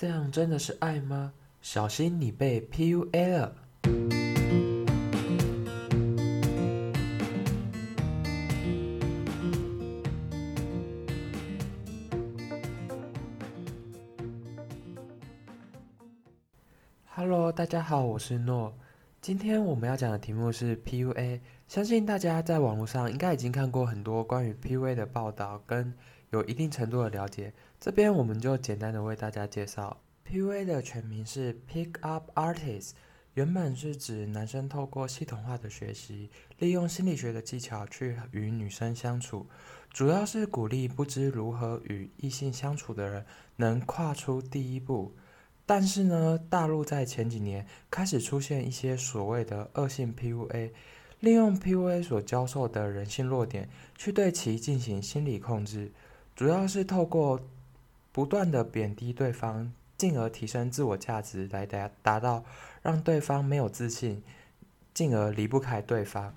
這樣真的是愛嗎？小心你被 PUA 了。 Hello，大家好，我是 Noel。今天我們要講的題目是 PUA，相信大家在網絡上應該已經看過很多關於 PUA 的報道跟。有一定程度的了解，這邊我們就簡單的為大家介紹。PUA 的全名是 Pick Up Artist，原本是指男生透過系統化的學習，利用心理學的技巧去與女生相處，主要是鼓勵不知如何與異性相處的人能跨出第一步。但是呢，大陸在前幾年開始出現一些所謂的惡性 PUA，利用 PUA 所教授的人性弱點去對其進行心理控制。主要是透過不斷的貶低對方，進而提升自我價值來達達到讓對方沒有自信，進而離不開對方。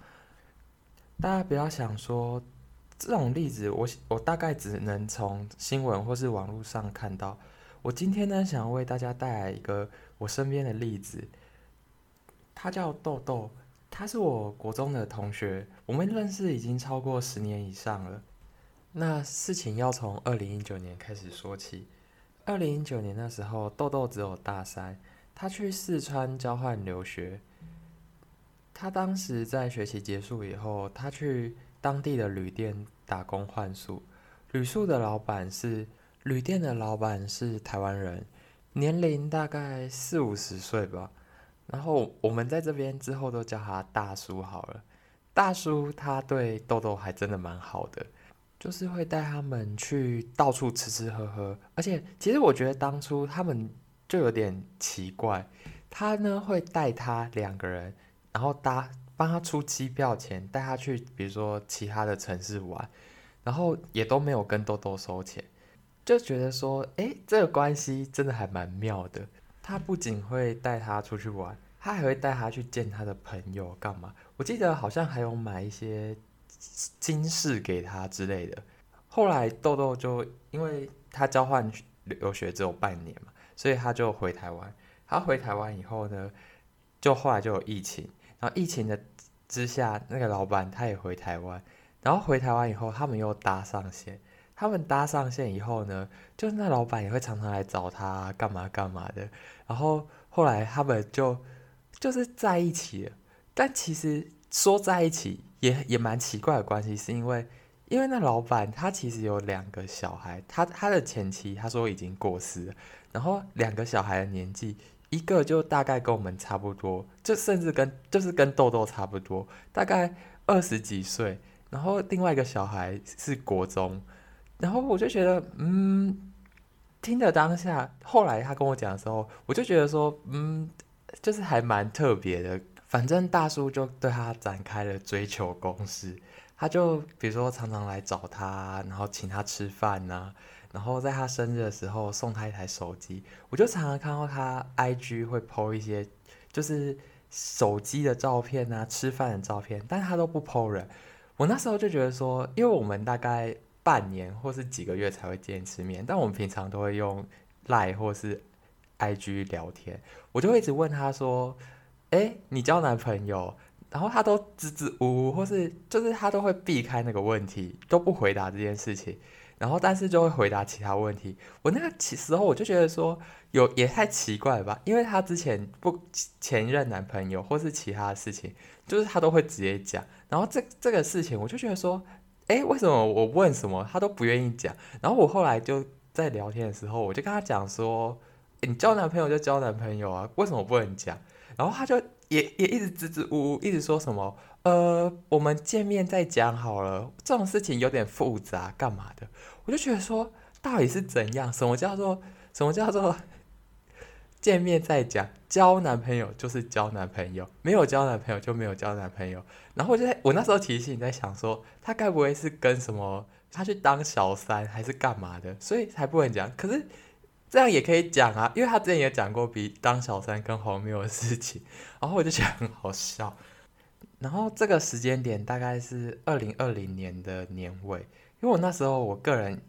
大家不要想說這種例子我，我我大概只能從新聞或是網絡上看到。我今天呢，想要為大家帶來一個我身邊的例子。他叫豆豆，他是我國中的同學，我們認識已經超過十年以上了。那事情要從二零一九年開始說起。二零一九年的時候，痘痘只有大三，他去四川交換留學。他當時在學習結束以後，他去當地的旅店打工換宿。旅宿的老闆是，旅店的老闆是台灣人，年齡大概四五十歲吧。然後我們在這邊之後都叫他大叔好了。大叔他對痘痘還真的蠻好的。就是會帶他們去到處吃吃喝喝，而且其實我覺得當初他們就有點奇怪，他呢會帶他兩個人，然後搭幫他出機票錢，帶他去比如說其他的城市玩，然後也都沒有跟痘痘收錢，就覺得說，誒，這個關係真的還蠻妙的。他不僅會帶他出去玩，他還會帶他去見他的朋友幹嘛。我記得好像還有買一些。金飾給他之類的。後來豆豆就因為他交換留學只有半年嘛，所以他就回台灣。他回台灣以後呢，就後來就有疫情。然後疫情的之下，那個老闆他也回台灣。然後回台灣以後，他們又搭上線。他們搭上線以後呢，就是那老闆也會常常來找他、啊、幹嘛幹嘛的。然後後來他們就就是在一起了。但其實。說在一起也也蠻奇怪的關係，是因為因為那老闆他其實有兩個小孩，他他的前妻他說已經過世，然後兩個小孩的年紀，一個就大概跟我們差不多，就甚至跟就是跟豆豆差不多，大概二十幾歲，然後另外一個小孩是國中，然後我就覺得嗯，聽得當下，後來他跟我講的時候，我就覺得說嗯，就是還蠻特別的。反正大叔就對他展開了追求攻勢，他就比如說常常來找他，然後請他吃飯吶、啊，然後在他生日的時候送他一台手機。我就常常看到他 IG 會 PO 一些就是手機的照片啊、吃飯的照片，但他都不 PO 人。我那時候就覺得說，因為我們大概半年或是幾個月才會見一次面，但我們平常都會用 LINE 或是 IG 聊天，我就會一直問他說。誒、欸，你交男朋友？然後他都支支吾吾，或是就是他都會避開那個問題，都不回答這件事情，然後但是就會回答其他問題。我那個時候我就覺得說，有也太奇怪了吧？因為他之前不前任男朋友或是其他的事情，就是他都會直接講。然後這這個事情我就覺得說，誒、欸，為什麼我問什麼他都不願意講？然後我後來就在聊天的時候，我就跟他講說，欸、你交男朋友就交男朋友啊，為什麼我不能講？然後他就也也一直支支吾吾，一直說什麼，呃，我們見面再講好了。這種事情有點複雜，幹嘛的？我就覺得說，到底是怎樣？什麼叫做什麼叫做見面再講？交男朋友就是交男朋友，沒有交男朋友就沒有交男朋友。然後我就在我那時候提醒你在想說，他該不會是跟什麼，他去當小三還是幹嘛的？所以才不會講。可是。這樣也可以講啊，因為他之前也講過比當小三更荒謬的事情，然後我就覺得很好笑。然後這個時間點大概是二零二零年的年尾，因為我那時候我個人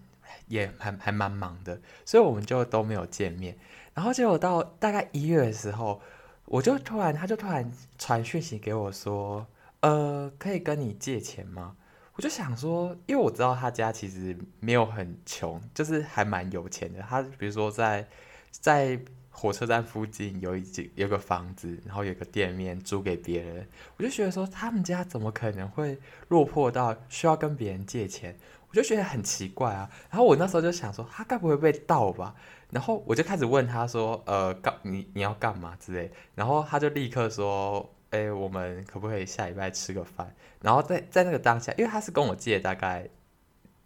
也還還蠻忙的，所以我們就都沒有見面。然後結果到大概一月的時候，我就突然他就突然傳訊息給我說，呃，可以跟你借錢嗎？我就想說，因為我知道他家其實沒有很窮，就是還蠻有錢的。他比如說在在火車站附近有一間有個房子，然後有個店面租給別人。我就覺得說他們家怎麼可能會落魄到需要跟別人借錢？我就覺得很奇怪啊。然後我那時候就想說，他該不會被盜吧？然後我就開始問他說：“呃，告你你要幹嘛之類？”然後他就立刻說。誒、欸，我們可不可以下禮拜吃個飯？然後在在那個當下，因為他是跟我借大概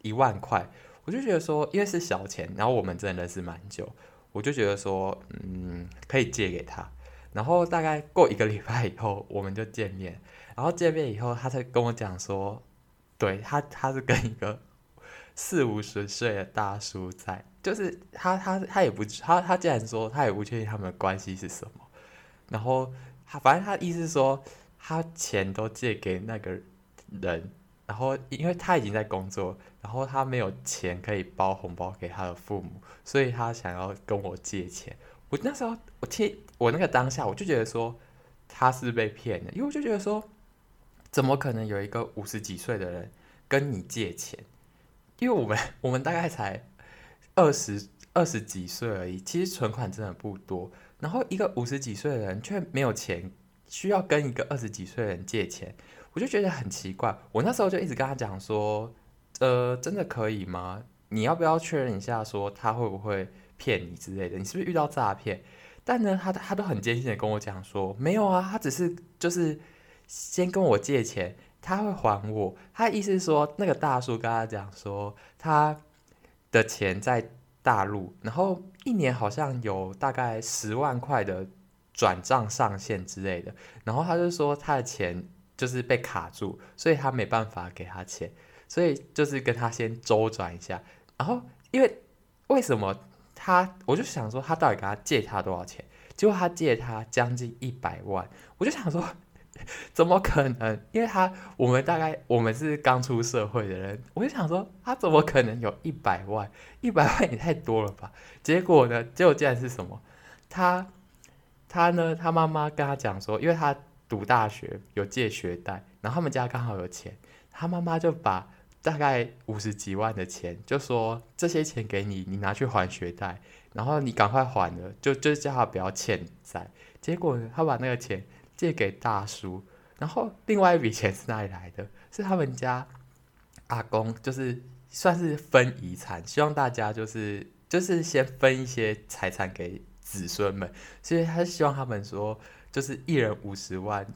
一萬塊，我就覺得說，因為是小錢，然後我們真的認識蠻久，我就覺得說，嗯，可以借給他。然後大概過一個禮拜以後，我們就見面。然後見面以後，他才跟我講說，對他他是跟一個四五十歲的大叔在，就是他他他也不他他竟然說他也不確定他們的關係是什麼，然後。他反正他的意思是說，他錢都借給那個人，然後因為他已經在工作，然後他沒有錢可以包紅包給他的父母，所以他想要跟我借錢。我那時候我聽，我那個當下我就覺得說他是被騙的，因為我就覺得說，怎麼可能有一個五十幾歲的人跟你借錢？因為我們我們大概才二十二十幾歲而已，其實存款真的不多。然後一個五十幾歲的人卻沒有錢，需要跟一個二十幾歲的人借錢，我就覺得很奇怪。我那時候就一直跟他講說，呃，真的可以嗎？你要不要確認一下，說他會不會騙你之類的？你是不是遇到詐騙？但呢，他他都很堅信的跟我講說，沒有啊，他只是就是先跟我借錢，他會還我。他的意思是說，那個大叔跟他講說，他的錢在大陸，然後一年好像有大概十萬塊的轉賬上限之類的，然後他就說他的錢就是被卡住，所以他沒辦法給他錢，所以就是跟他先周轉一下，然後因為為什麼他，我就想說他到底給他借他多少錢，結果他借他將近一百萬，我就想說。怎麼可能？因為他我們大概我們是剛出社會的人，我就想說他怎麼可能有一百萬？一百萬也太多了吧？結果呢？結果竟然是什麼？他他呢？他媽媽跟他講說，因為他讀大學有借學貸，然後他們家剛好有錢，他媽媽就把大概五十幾萬的錢，就說這些錢給你，你拿去還學貸，然後你趕快還了，就就叫他不要欠債。結果他把那個錢。借給大叔，然後另外一筆錢是哪裡來的？是他們家阿公，就是算是分遺產，希望大家就是就是先分一些財產給子孫們，所以他希望他們說就是一人五十萬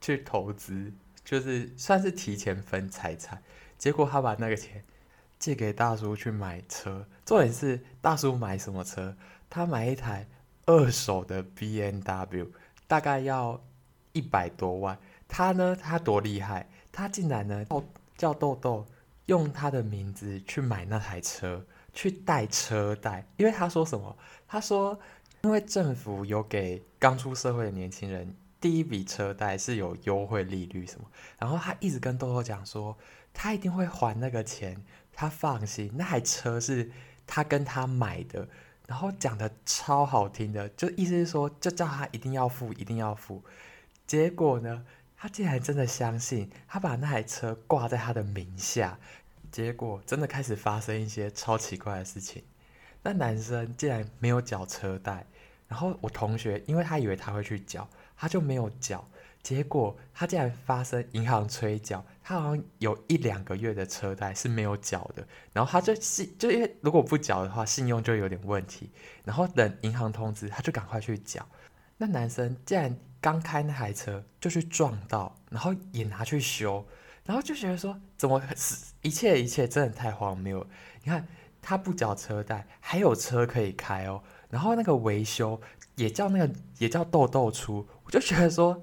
去投資，就是算是提前分財產。結果他把那個錢借給大叔去買車，重點是大叔買什麼車？他買一台二手的 BMW，大概要。一百多萬，他呢？他多厲害！他竟然呢叫豆豆用他的名字去買那台車，去貸車貸。因為他說什麼？他說，因為政府有給剛出社會的年輕人第一筆車貸是有優惠利率什麼。然後他一直跟豆豆講說，他一定會還那個錢，他放心。那台車是他跟他買的，然後講得超好聽的，就意思是說，就叫他一定要付，一定要付。結果呢？他竟然真的相信，他把那台車掛在他的名下，結果真的開始發生一些超奇怪的事情。那男生竟然沒有繳車貸，然後我同學因為他以為他會去繳，他就沒有繳。結果他竟然發生銀行催繳，他好像有一兩個月的車貸是沒有繳的。然後他就信，就因為如果不繳的話，信用就有點問題。然後等銀行通知，他就趕快去繳。那男生竟然。剛開那台車就去撞到，然後也拿去修，然後就覺得說，怎麼是一切一切真的太荒謬？你看他不繳車貸，還有車可以開哦，然後那個維修也叫那個也叫痘痘出，我就覺得說，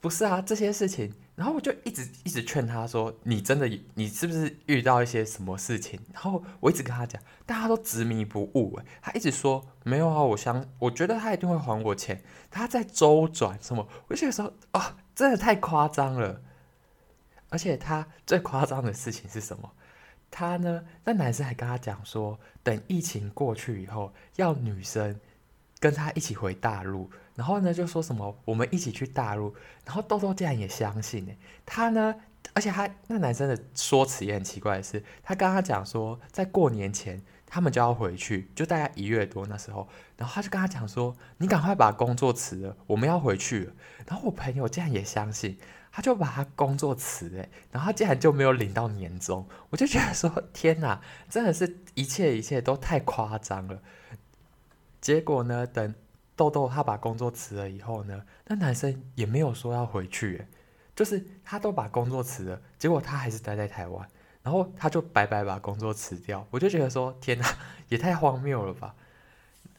不是啊，這些事情。然後我就一直一直勸他說：“你真的，你是不是遇到一些什麼事情？”然後我一直跟他講，但他都執迷不悟哎，他一直說沒有啊，我想，我覺得他一定會還我錢，他在周轉什麼？我就覺得說哦、啊，真的太誇張了。而且他最誇張的事情是什麼？他呢？那男生還跟他講說，等疫情過去以後，要女生。跟他一起回大陸，然後呢，就說什麼我們一起去大陸，然後豆豆竟然也相信、欸、他呢，而且他那男生的說辭也很奇怪的是，他跟他講說在過年前他們就要回去，就大概一月多那時候，然後他就跟他講說你趕快把工作辭了，我們要回去了，然後我朋友竟然也相信，他就把他工作辭了、欸。然後他竟然就沒有領到年終，我就覺得說天哪，真的是一切一切都太誇張了。結果呢？等痘痘他把工作辭了以後呢，那男生也沒有說要回去，就是他都把工作辭了，結果他還是待在台灣，然後他就白白把工作辭掉，我就覺得說天哪，也太荒謬了吧。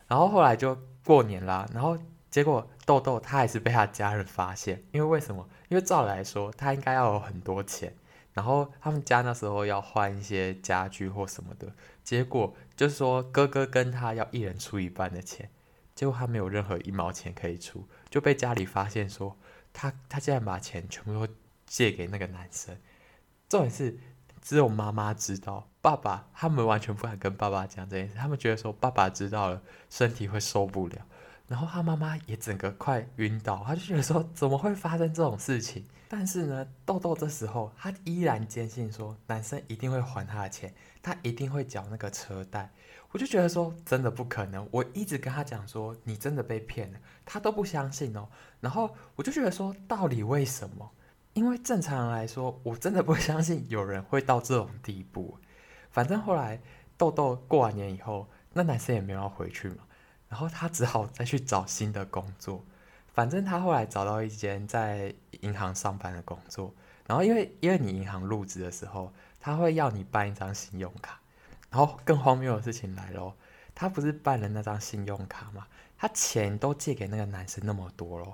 然後後來就過年啦，然後結果痘痘他還是被他家人發現，因為為什麼？因為照理來說，他應該要有很多錢。然後他們家那時候要換一些家具或什麼的，結果就是說哥哥跟他要一人出一半的錢，結果他沒有任何一毛錢可以出，就被家裡發現說他他竟然把錢全部都借給那個男生。重點是只有媽媽知道，爸爸他們完全不敢跟爸爸講這件事，他們覺得說爸爸知道了身體會受不了。然後他媽媽也整個快暈倒，他就覺得說怎麼會發生這種事情？但是呢，豆豆這時候他依然堅信說男生一定會還他的錢，他一定會繳那個車貸。我就覺得說真的不可能，我一直跟他講說你真的被騙了，他都不相信哦。然後我就覺得說到底為什麼？因為正常來說我真的不相信有人會到這種地步。反正後來豆豆過完年以後，那男生也沒有要回去嘛。然後他只好再去找新的工作，反正他後來找到一間在銀行上班的工作。然後因為因為你銀行入職的時候，他會要你辦一張信用卡。然後更荒謬的事情來了，他不是辦了那張信用卡嗎？他錢都借給那個男生那麼多嘍。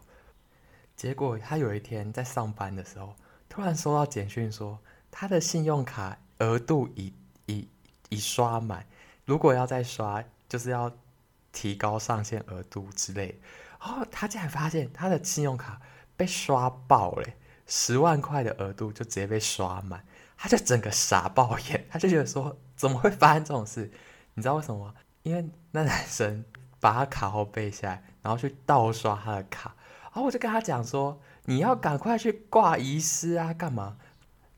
結果他有一天在上班的時候，突然收到簡訊說，他的信用卡額度已已已刷滿，如果要再刷，就是要。提高上限額度之類，哦，然後他竟然發現他的信用卡被刷爆了，十萬塊的額度就直接被刷滿，他就整個傻爆眼，他就覺得說怎麼會發生這種事？你知道為什麼嗎？因為那男生把他卡號背下來，然後去盜刷他的卡，哦，然後我就跟他講說，你要趕快去掛遺失啊，幹嘛？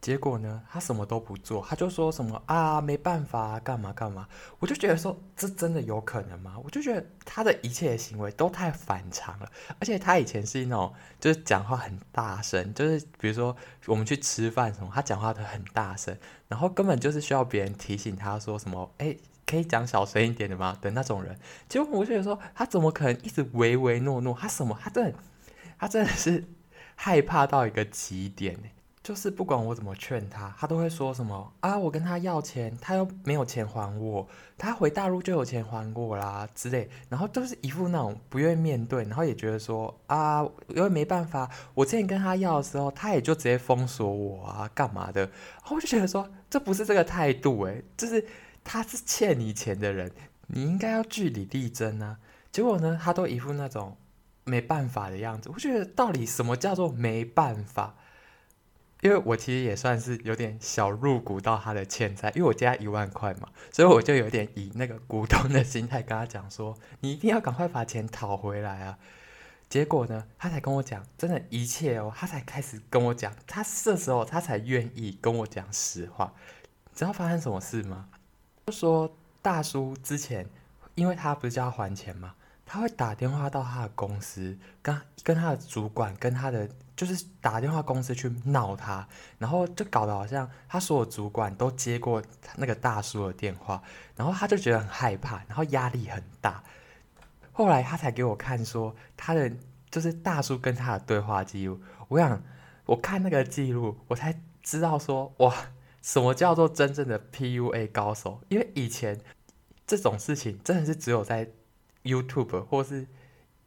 結果呢，他什麼都不做，他就說什麼啊，沒辦法，幹嘛幹嘛。我就覺得說，這真的有可能嗎？我就覺得他的一切行為都太反常了。而且他以前是那種就是講話很大聲，就是比如說我們去吃飯什麼，他講話都很大聲，然後根本就是需要別人提醒他說什麼，哎，可以講小聲一點的嗎？的那種人。結果我就覺得說，他怎麼可能一直唯唯諾諾？他什麼？他真的很，他真的是害怕到一個極點、欸。就是不管我怎麼勸他，他都會說什麼啊，我跟他要錢，他又沒有錢還我，他回大陸就有錢還我啦之類。然後都是一副那種不願意面對，然後也覺得說啊，因為沒辦法，我之前跟他要的時候，他也就直接封鎖我啊，幹嘛的？然後我就覺得說，這不是這個態度誒、欸，就是他是欠你錢的人，你應該要據理力爭啊。結果呢，他都一副那種沒辦法的樣子，我覺得到底什麼叫做沒辦法？因為我其實也算是有點小入股到他的欠債，因為我借他一萬塊嘛，所以我就有點以那個股東的心態跟他講說：“你一定要趕快把錢討回來啊！”結果呢，他才跟我講，真的，一切哦，他才開始跟我講，他這時候他才願意跟我講實話。你知道發生什麼事嗎？就說大叔之前，因為他不是叫他還錢嗎？他會打電話到他的公司，跟跟他的主管，跟他的。就是打電話公司去鬧他，然後就搞得好像他所有主管都接過他那個大叔的電話，然後他就覺得很害怕，然後壓力很大。後來他才給我看說他的就是大叔跟他的對話記錄，我想我看那個記錄，我才知道說哇，什麼叫做真正的 PUA 高手？因為以前這種事情真的是只有在 YouTube 或是。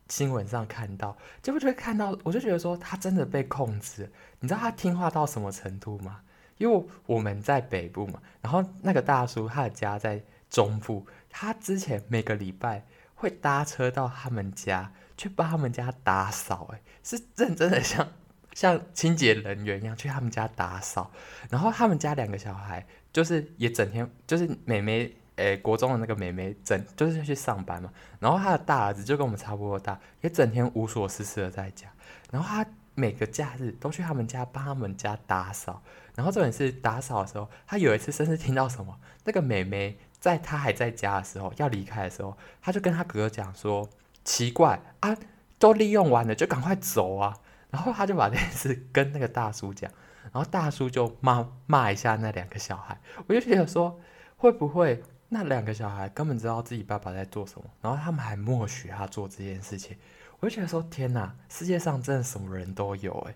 新聞上看到，結果就會看到，我就覺得說他真的被控制。你知道他聽話到什麼程度嗎？因為我們在北部嘛，然後那個大叔他的家在中部，他之前每個禮拜會搭車到他們家去幫他們家打掃，哎，是認真的像，像像清潔人員一樣去他們家打掃。然後他們家兩個小孩就是也整天就是妹妹。誒、欸，國中的那個妹妹整，就是要去上班嘛，然後他的大兒子就跟我們差不多大，也整天無所事事的在家。然後她每個假日都去他們家幫他們家打掃。然後重點是打掃的時候，她有一次甚至聽到什麼，那個妹妹在她還在家的時候要離開的時候，她就跟她哥哥講說：“奇怪啊，都利用完了就趕快走啊！”然後她就把這件事跟那個大叔講，然後大叔就罵罵一下那兩個小孩。我就覺得說，會不會？那兩個小孩根本知道自己爸爸在做什麼，然後他們還默許他做這件事情，我就覺得說天哪，世界上真的什麼人都有誒！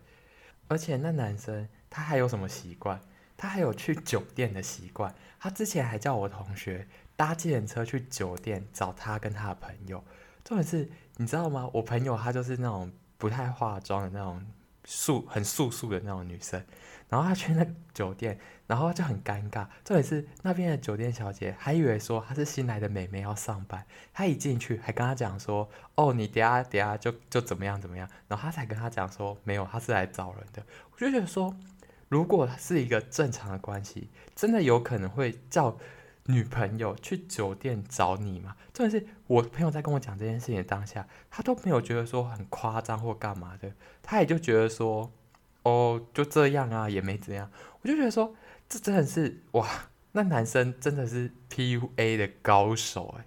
而且那男生他還有什麼習慣？他還有去酒店的習慣，他之前還叫我同學搭計程車去酒店找他跟他的朋友。重點是，你知道嗎？我朋友他就是那種不太化妝的那種。素很素素的那種女生，然後她去那酒店，然後就很尷尬。重點是那邊的酒店小姐還以為說她是新來的美眉要上班，她一進去還跟她講說：“哦，你嗲嗲就就怎麼樣怎麼樣。”然後她才跟她講說：“沒有，她是來找人的。”我就覺得說，如果是一個正常的關係，真的有可能會叫女朋友去酒店找你嗎？重點是。我朋友在跟我講這件事情的當下，他都沒有覺得說很誇張或幹嘛的，他也就覺得說，哦，就這樣啊，也沒怎樣。我就覺得說，這真的是哇，那男生真的是 PUA 的高手哎。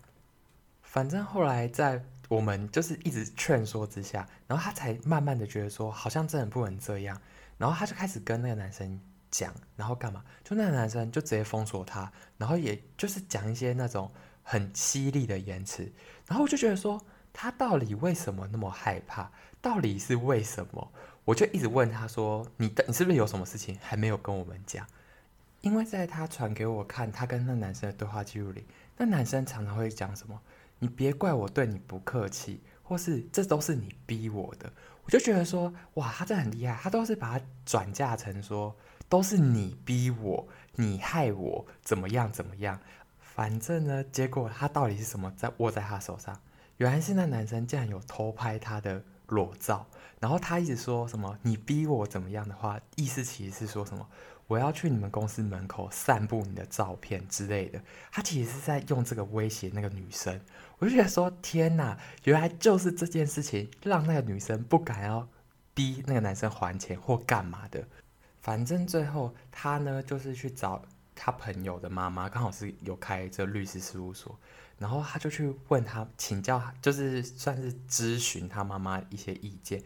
反正後來在我們就是一直勸說之下，然後他才慢慢的覺得說，好像真的不能這樣。然後他就開始跟那個男生講，然後幹嘛？就那個男生就直接封鎖他，然後也就是講一些那種。很犀利的言辭，然後我就覺得說，他到底為什麼那麼害怕？到底是為什麼？我就一直問他說：“你你是不是有什麼事情還沒有跟我們講？”因為在他傳給我看他跟那男生的對話記錄裡，那男生常常會講什麼：“你別怪我對你不客氣，或是這都是你逼我的。”我就覺得說：“哇，他這很厲害，他都是把它轉嫁成說，都是你逼我，你害我，怎麼樣怎麼樣。”反正呢，結果他到底是什麼在握在他手上？原來是那男生竟然有偷拍他的裸照，然後他一直說什麼“你逼我怎麼樣”的話，意思其實是說什麼“我要去你們公司門口散布你的照片之類的”。他其實是在用這個威脅那個女生。我就覺得說，天哪，原來就是這件事情讓那個女生不敢要逼那個男生還錢或幹嘛的。反正最後他呢，就是去找。他朋友的媽媽剛好是有開這律師事務所，然後他就去問他請教，就是算是諮詢他媽媽一些意見。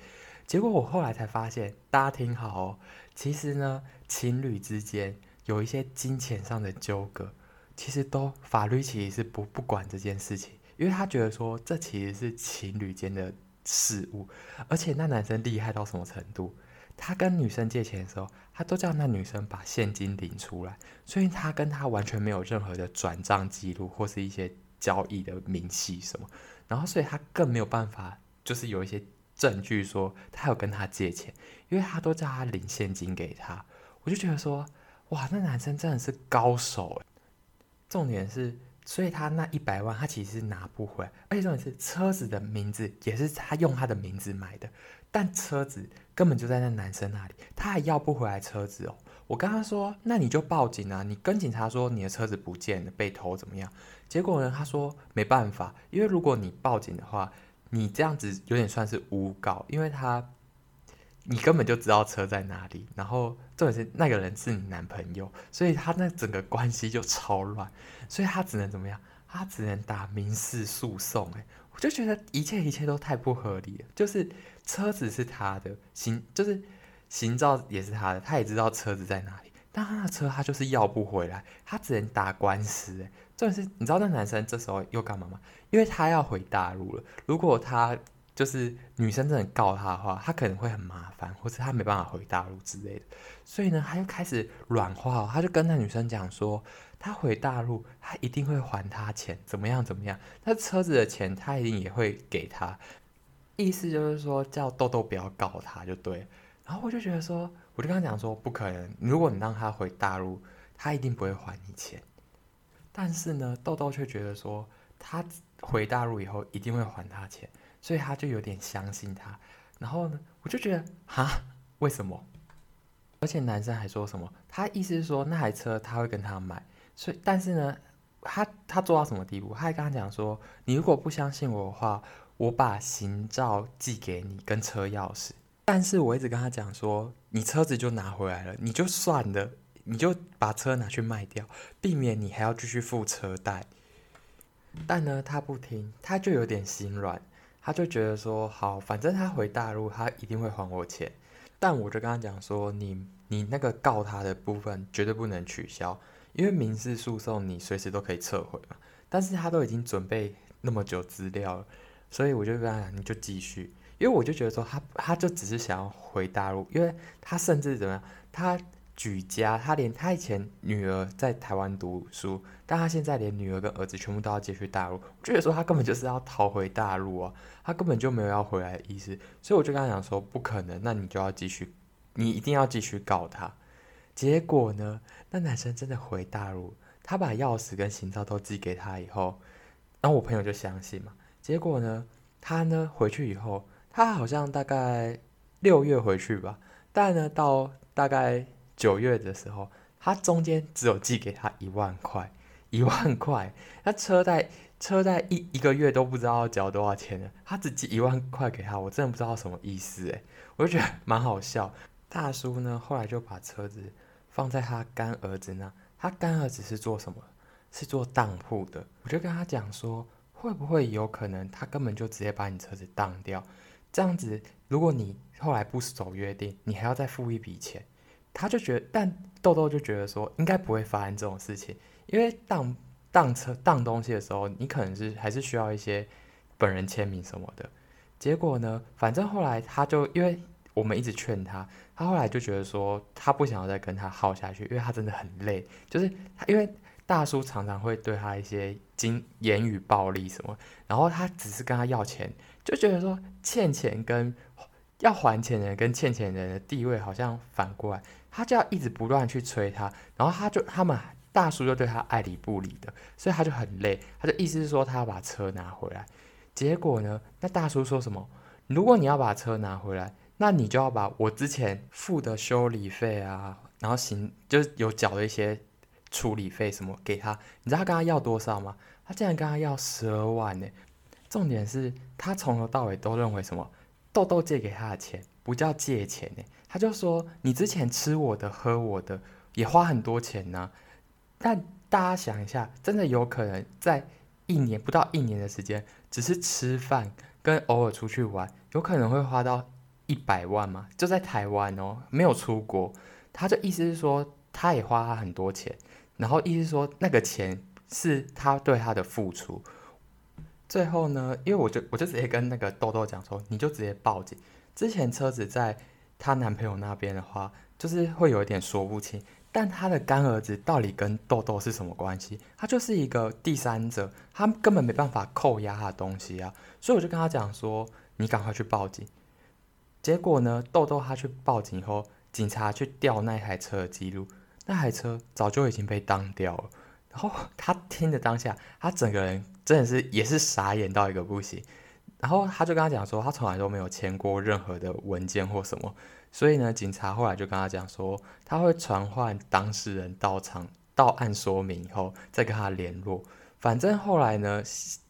結果我後來才發現，大家聽好哦，其實呢，情侶之間有一些金錢上的糾葛，其實都法律其實是不不管這件事情，因為他覺得說這其實是情侶間的事務。而且那男生厲害到什麼程度？他跟女生借錢的時候，他都叫那女生把現金領出來，所以他跟他完全沒有任何的轉賬記錄或是一些交易的明細什麼，然後所以他更沒有辦法，就是有一些證據說他有跟他借錢，因為他都叫他領現金給他，我就覺得說，哇，那男生真的是高手誒，重點是。所以他那一百萬，他其實拿不回來。而且重點是，車子的名字也是他用他的名字買的，但車子根本就在那男生那裡，他還要不回來車子哦。我跟他說，那你就報警啊，你跟警察說你的車子不見了，被偷怎麼樣？結果呢，他說沒辦法，因為如果你報警的話，你這樣子有點算是誣告，因為他。你根本就知道車在哪裡，然後重點是那個人是你男朋友，所以他那整個關係就超亂，所以他只能怎麼樣？他只能打民事訴訟。誒，我就覺得一切一切都太不合理了。就是車子是他的，行，就是行照也是他的，他也知道車子在哪裡，但他的車他就是要不回來，他只能打官司，欸。誒，重點是你知道那男生這時候又幹嘛嗎？因為他要回大陸了，如果他。就是女生真的告他的話，他可能會很麻煩，或是他沒辦法回大陸之類的。所以呢，他就開始軟化，他就跟那女生講說，他回大陸，他一定會還他錢，怎麼樣怎麼樣，那車子的錢他一定也會給他。意思就是說，叫豆豆不要告他就對。然後我就覺得說，我就跟他講說，不可能，如果你讓他回大陸，他一定不會還你錢。但是呢，豆豆卻覺得說，他回大陸以後一定會還他錢。所以他就有點相信他，然後呢，我就覺得哈，為什麼？而且男生還說什麼？他意思是說那台車他會跟他買，所以但是呢，他他做到什麼地步？他還跟他講說，你如果不相信我的話，我把行照寄給你跟車鑰匙。但是我一直跟他講說，你車子就拿回來了，你就算了，你就把車拿去賣掉，避免你還要繼續付車貸。但呢，他不聽，他就有點心軟。他就覺得說好，反正他回大陸，他一定會還我錢。但我就跟他講說，你你那個告他的部分絕對不能取消，因為民事訴訟你隨時都可以撤回嘛。但是他都已經準備那麼久資料了，所以我就跟他講，你就繼續。因為我就覺得說他，他他就只是想要回大陸，因為他甚至怎麼樣？他。舉家，他連他以前女兒在台灣讀書，但他現在連女兒跟兒子全部都要接去大陸。我覺得說他根本就是要逃回大陸啊，他根本就沒有要回來的意思。所以我就跟他講說，不可能，那你就要繼續，你一定要繼續告他。結果呢，那男生真的回大陸，他把鑰匙跟行照都寄給他以後，然後我朋友就相信嘛。結果呢，他呢回去以後，他好像大概六月回去吧，但呢到大概。九月的時候，他中間只有寄給他一萬塊，一萬塊。他車貸，車貸一一個月都不知道要交多少錢呢。他只寄一萬塊給他，我真的不知道什麼意思哎，我就覺得蠻好笑。大叔呢，後來就把車子放在他乾兒子那。他乾兒子是做什麼？是做當鋪的。我就跟他講說，會不會有可能他根本就直接把你車子當掉？這樣子，如果你後來不守約定，你還要再付一筆錢。他就覺得，但豆豆就覺得說應該不會發生這種事情，因為當當車當東西的時候，你可能是還是需要一些本人簽名什麼的。結果呢，反正後來他就因為我們一直勸他，他後來就覺得說他不想要再跟他耗下去，因為他真的很累，就是他因為大叔常常會對他一些經言語暴力什麼，然後他只是跟他要錢，就覺得說欠錢跟要還錢人跟欠錢人的地位好像反過來。他就要一直不斷去催他，然後他就他們大叔就對他愛理不理的，所以他就很累。他的意思是說他要把車拿回來，結果呢，那大叔說什麼？如果你要把車拿回來，那你就要把我之前付的修理費啊，然後行就有繳的一些處理費什麼給他。你知道他跟他要多少嗎？他竟然跟他要十二萬呢、欸！重點是他從頭到尾都認為什麼？痘痘借給他的錢。不叫借錢呢，他就說你之前吃我的、喝我的，也花很多錢呢、啊。但大家想一下，真的有可能在一年不到一年的時間，只是吃飯跟偶爾出去玩，有可能會花到一百萬嗎？就在台灣哦，沒有出國。他就意思是說他也花了很多錢，然後意思是說那個錢是他對他的付出。最後呢，因為我就我就直接跟那個痘痘講說，你就直接報警。之前車子在她男朋友那邊的話，就是會有一點說不清。但她的乾兒子到底跟豆豆是什麼關係？他就是一個第三者，他根本沒辦法扣押他的東西啊。所以我就跟他講說：“你趕快去報警。”結果呢，豆豆他去報警後，警察去調那台車的記錄，那台車早就已經被當掉了。然後他聽的當下，他整個人真的是也是傻眼到一個不行。然後他就跟他講說，他從來都沒有簽過任何的文件或什麼，所以呢，警察後來就跟他講說，他會傳喚當事人到場到案說明以後再跟他聯絡。反正後來呢，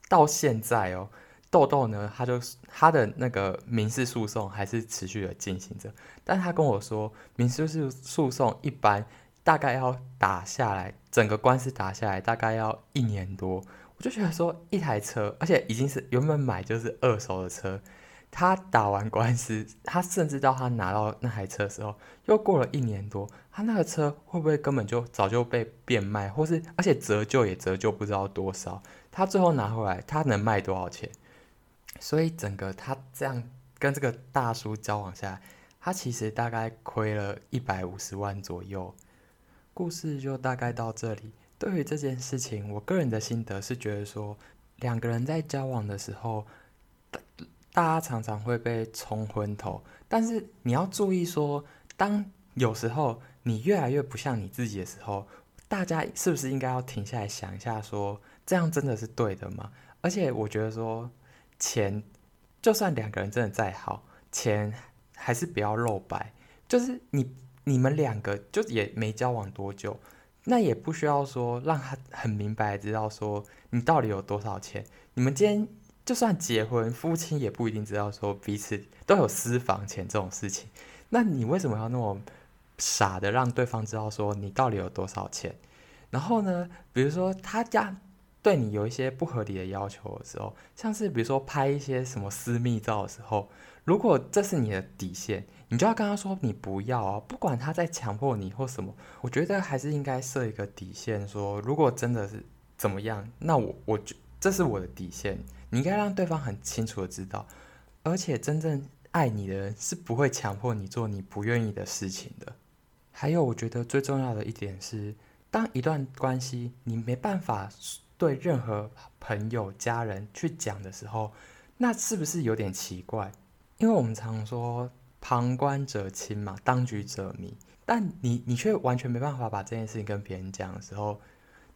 到現在哦，痘痘呢，他就他的那個民事訴訟還是持續的進行着。但他跟我說，民事訴訴訟一般大概要打下來，整個官司打下來大概要一年多。就是說一台車，而且已經是原本買就是二手的車。他打完官司，他甚至到他拿到那台車的時候，又過了一年多，他那個車會不會根本就早就被變賣，或是而且折舊也折舊不知道多少，他最後拿回來，他能賣多少錢？所以整個他這樣跟這個大叔交往下來，他其實大概虧了一百五十萬左右。故事就大概到這裡。對於這件事情，我個人的心得是覺得說，兩個人在交往的時候，大家常常會被沖昏頭。但是你要注意說，當有時候你越來越不像你自己的時候，大家是不是應該要停下來想一下說，說這樣真的是對的嗎？而且我覺得說，錢就算兩個人真的再好，錢還是不要露白。就是你你們兩個就也沒交往多久。那也不需要說讓他很明白知道說你到底有多少錢。你們今天就算結婚，夫妻也不一定知道說彼此都有私房錢這種事情。那你為什麼要那麼傻的讓對方知道說你到底有多少錢？然後呢，比如說他家對你有一些不合理的要求的時候，像是比如說拍一些什麼私密照的時候。如果這是你的底線，你就要跟他說你不要啊！不管他在強迫你或什麼，我覺得還是應該設一個底線說，說如果真的是怎麼樣，那我我覺這是我的底線。你應該讓對方很清楚地知道，而且真正愛你的人是不會強迫你做你不願意的事情的。還有，我覺得最重要的一點是，當一段關係你沒辦法對任何朋友、家人去講的時候，那是不是有點奇怪？因為我們常說旁觀者清嘛，當局者迷，但你你卻完全沒辦法把這件事情跟別人講的時候，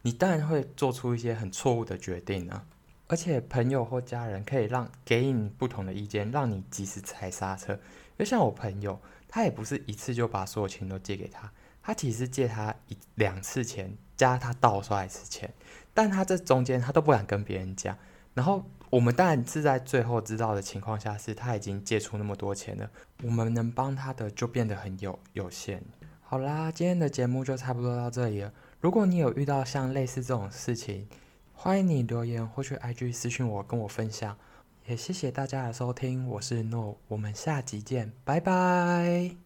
你當然會做出一些很錯誤的決定呢、啊。而且朋友或家人可以讓給你不同的意見，讓你及時踩剎車。因為像我朋友，他也不是一次就把所有錢都借給他，他其實借他一兩次錢，加他盜刷一次錢，但他這中間他都不敢跟別人講，然後。我們當然是在最後知道的情況下，是他已經借出那麼多錢了。我們能幫他的就變得很有有限。好啦，今天的節目就差不多到這裡了。如果你有遇到像類似這種事情，歡迎你留言或去 IG 私訊我，跟我分享。也謝謝大家的收聽，我是 Noel，我們下集見，拜拜。